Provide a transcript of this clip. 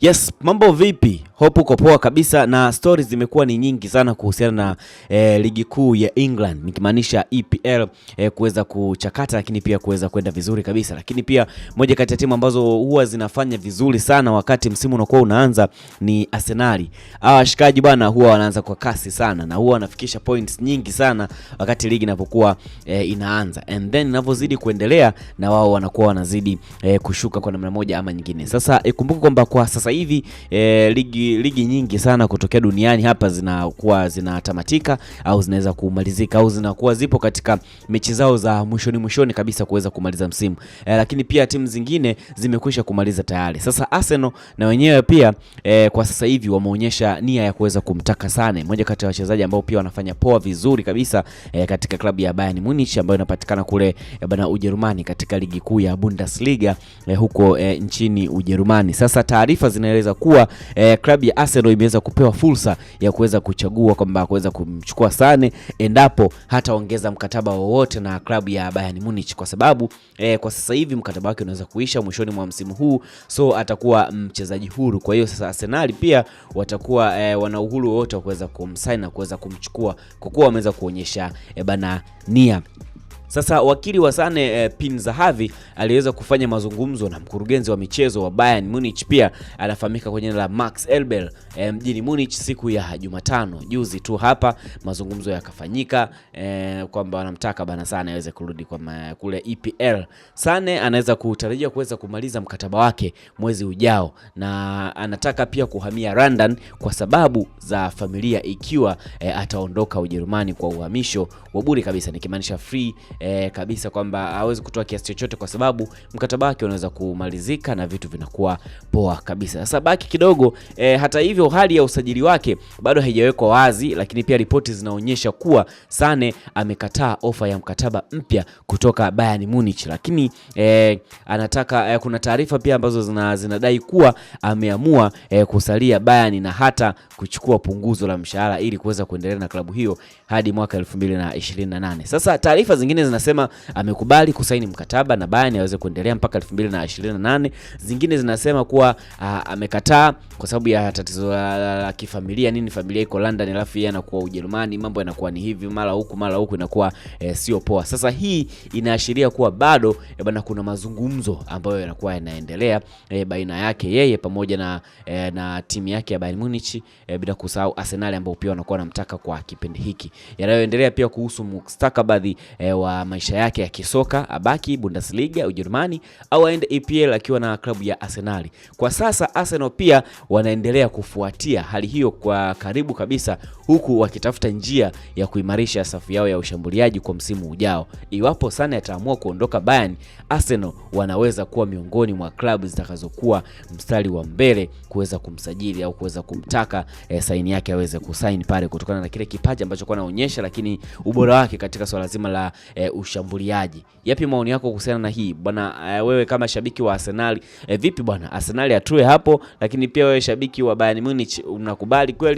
Yes, mambo vipi? Hope uko poa kabisa, na stories zimekuwa ni nyingi sana kuhusiana na eh, ligi kuu ya England nikimaanisha EPL eh, kuweza kuchakata, lakini pia kuweza kwenda vizuri kabisa. Lakini pia moja kati ya timu ambazo huwa zinafanya vizuri sana wakati msimu unakuwa unaanza ni Arsenal. Hawa washikaji bwana huwa wanaanza kwa kasi sana na huwa wanafikisha points nyingi sana wakati ligi inapokuwa eh, inaanza and then inavyozidi kuendelea na wao wanakuwa wanazidi eh, kushuka kwa namna moja ama nyingine. Sasa ikumbuke eh, kwamba kwa sasa hivi eh, ligi ligi nyingi sana kutokea duniani hapa zinakuwa zinatamatika au zinaweza kumalizika au zinakuwa zipo katika mechi zao za mwishoni mwishoni kabisa kuweza kumaliza msimu e, lakini pia timu zingine zimekwisha kumaliza tayari. Sasa Arsenal na wenyewe pia e, kwa sasa hivi wameonyesha nia ya kuweza kumtaka Sane, mmoja kati ya wachezaji ambao pia wanafanya poa vizuri kabisa e, katika klabu ya Bayern Munich ambayo inapatikana kule e, bana Ujerumani katika ligi kuu ya Bundesliga e, huko e, nchini Ujerumani. Sasa taarifa zinaeleza kuwa e, klabu klabu ya Arsenal imeweza kupewa fursa ya kuweza kuchagua kwamba kuweza kumchukua Sane endapo hataongeza mkataba wowote na klabu ya Bayern Munich, kwa sababu eh, kwa sasa hivi mkataba wake unaweza kuisha mwishoni mwa msimu huu, so atakuwa mchezaji huru. Kwa hiyo sasa Arsenal pia watakuwa eh, wana uhuru wowote wa kuweza kumsaini na kuweza kumchukua kwa kuwa wameweza kuonyesha eh, bana nia sasa wakili wa Sane eh, Pin Zahavi aliweza kufanya mazungumzo na mkurugenzi wa michezo wa Bayern Munich, pia anafahamika kwa jina la Max Elbel eh, mjini Munich siku ya Jumatano juzi tu hapa. Mazungumzo yakafanyika eh, kwamba wanamtaka bana Sane aweze kurudi kwa ma, kule EPL. Sane anaweza kutarajia kuweza kumaliza mkataba wake mwezi ujao, na anataka pia kuhamia London kwa sababu za familia, ikiwa eh, ataondoka Ujerumani kwa uhamisho wa bure kabisa, nikimaanisha free e, kabisa kwamba hawezi kutoa kiasi chochote kwa sababu mkataba wake unaweza kumalizika na vitu vinakuwa poa kabisa. Sasa baki kidogo e, hata hivyo hali ya usajili wake bado haijawekwa wazi, lakini pia ripoti zinaonyesha kuwa Sane amekataa ofa ya mkataba mpya kutoka Bayern Munich, lakini e, anataka e, kuna taarifa pia ambazo zina, zinadai kuwa ameamua e, kusalia Bayern na hata kuchukua punguzo la mshahara ili kuweza kuendelea na klabu hiyo hadi mwaka 2028. Sasa taarifa zingine zinasema amekubali kusaini mkataba na Bayern aweze kuendelea mpaka 2028. Zingine zinasema kuwa a, ah, amekataa kwa sababu ya tatizo la, la, la kifamilia nini, familia iko London alafu yeye anakuwa Ujerumani, mambo yanakuwa ni hivi mara huku mara huku, inakuwa e, sio poa. Sasa hii inaashiria kuwa bado e, eh, bana kuna mazungumzo ambayo yanakuwa yanaendelea e, baina yake yeye pamoja na, e, na timu yake ya Bayern Munich e, bila kusahau Arsenal ambao pia wanakuwa wanamtaka kwa kipindi hiki. Yanayoendelea pia kuhusu mustakabadhi e, wa maisha yake ya kisoka, abaki Bundesliga Ujerumani au aende EPL akiwa na klabu ya Arsenal. Kwa sasa Arsenal pia wanaendelea kufuatia hali hiyo kwa karibu kabisa, huku wakitafuta njia ya kuimarisha safu yao ya ushambuliaji kwa msimu ujao. Iwapo Sane ataamua kuondoka Bayern, Arsenal wanaweza kuwa miongoni mwa klabu zitakazokuwa mstari wa mbele kuweza kumsajili au kuweza kumtaka eh, saini yake aweze kusaini pale, kutokana na kile kipaji ambacho kwa anaonyesha, lakini ubora wake katika swala zima la eh, ushambuliaji. Yapi maoni yako kuhusiana na hii bwana? E, wewe kama shabiki wa Arsenal e, vipi bwana, Arsenal atue hapo? Lakini pia wewe shabiki wa Bayern Munich unakubali kweli?